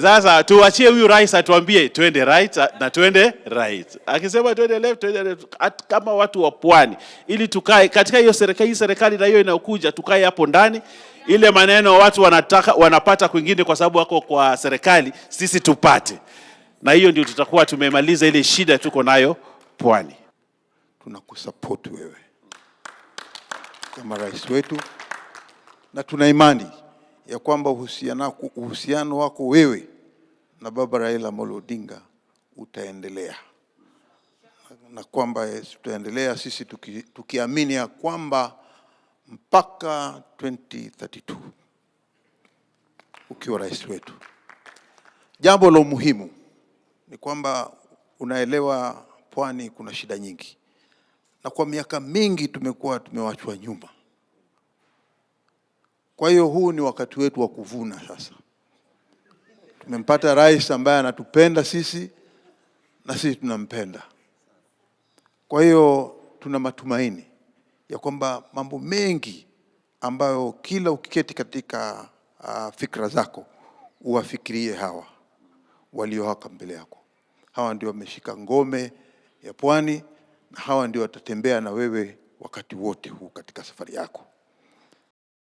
Sasa tuachie huyu rais atuambie twende right ah, na twende right, akisema twende left, twende left. kama watu wa pwani, ili tukae katika hiyo serikali, hii serikali na hiyo inayokuja, tukae hapo ndani. Ile maneno watu wanataka wanapata kwingine, kwa sababu wako kwa serikali, sisi tupate, na hiyo ndio tutakuwa tumemaliza ile shida tuko nayo pwani. Tunakusupport wewe kama rais wetu na tuna imani ya kwamba uhusiano wako wewe na baba Raila Amolo Odinga utaendelea na kwamba tutaendelea sisi tuki, tukiamini ya kwamba mpaka 2032 ukiwa rais wetu. Jambo la muhimu ni kwamba unaelewa, pwani kuna shida nyingi, na kwa miaka mingi tumekuwa tumewachwa nyuma. Kwa hiyo huu ni wakati wetu wa kuvuna sasa. Tumempata rais ambaye anatupenda sisi na sisi tunampenda. Kwa hiyo tuna matumaini ya kwamba mambo mengi ambayo kila ukiketi katika uh, fikra zako uwafikirie hawa walio hapa mbele yako. Hawa ndio wameshika ngome ya pwani na hawa ndio watatembea na wewe wakati wote huu katika safari yako.